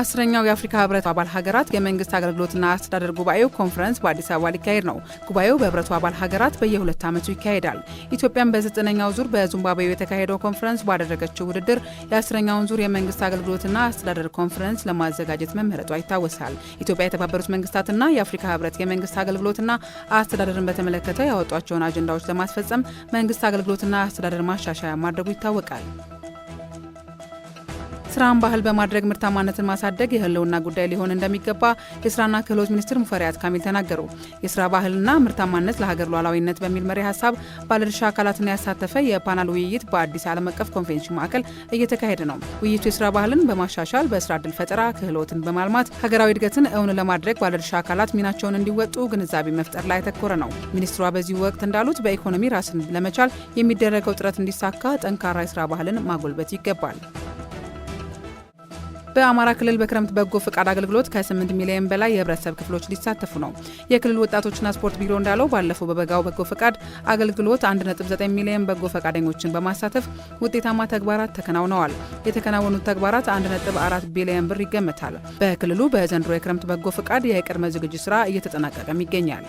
አስረኛው የአፍሪካ ህብረት አባል ሀገራት የመንግስት አገልግሎትና አስተዳደር ጉባኤው ኮንፈረንስ በአዲስ አበባ ሊካሄድ ነው። ጉባኤው በህብረቱ አባል ሀገራት በየሁለት ዓመቱ ይካሄዳል። ኢትዮጵያን በዘጠነኛው ዙር በዙምባብዌ የተካሄደው ኮንፈረንስ ባደረገችው ውድድር የአስረኛውን ዙር የመንግስት አገልግሎትና አስተዳደር ኮንፈረንስ ለማዘጋጀት መመረጧ ይታወሳል። ኢትዮጵያ የተባበሩት መንግስታትና የአፍሪካ ህብረት የመንግስት አገልግሎትና አስተዳደርን በተመለከተ ያወጧቸውን አጀንዳዎች ለማስፈጸም መንግስት አገልግሎትና አስተዳደር ማሻሻያ ማድረጉ ይታወቃል። ስራን ባህል በማድረግ ምርታማነትን ማሳደግ የህልውና ጉዳይ ሊሆን እንደሚገባ የስራና ክህሎት ሚኒስትር ሙፈሪያት ካሚል ተናገሩ። የስራ ባህልና ምርታማነት ለሀገር ሉዓላዊነት በሚል መሪ ሀሳብ ባለድርሻ አካላትን ያሳተፈ የፓናል ውይይት በአዲስ ዓለም አቀፍ ኮንቬንሽን ማዕከል እየተካሄደ ነው። ውይይቱ የስራ ባህልን በማሻሻል በስራ እድል ፈጠራ ክህሎትን በማልማት ሀገራዊ እድገትን እውን ለማድረግ ባለድርሻ አካላት ሚናቸውን እንዲወጡ ግንዛቤ መፍጠር ላይ ያተኮረ ነው። ሚኒስትሯ በዚህ ወቅት እንዳሉት በኢኮኖሚ ራስን ለመቻል የሚደረገው ጥረት እንዲሳካ ጠንካራ የስራ ባህልን ማጎልበት ይገባል። በአማራ ክልል በክረምት በጎ ፈቃድ አገልግሎት ከ8 ሚሊዮን በላይ የህብረተሰብ ክፍሎች ሊሳተፉ ነው። የክልል ወጣቶችና ስፖርት ቢሮ እንዳለው ባለፈው በበጋው በጎ ፍቃድ አገልግሎት 1.9 ሚሊዮን በጎ ፈቃደኞችን በማሳተፍ ውጤታማ ተግባራት ተከናውነዋል። የተከናወኑት ተግባራት 1.4 ቢሊዮን ብር ይገመታል። በክልሉ በዘንድሮ የክረምት በጎ ፈቃድ የቅድመ ዝግጅት ስራ እየተጠናቀቀም ይገኛል።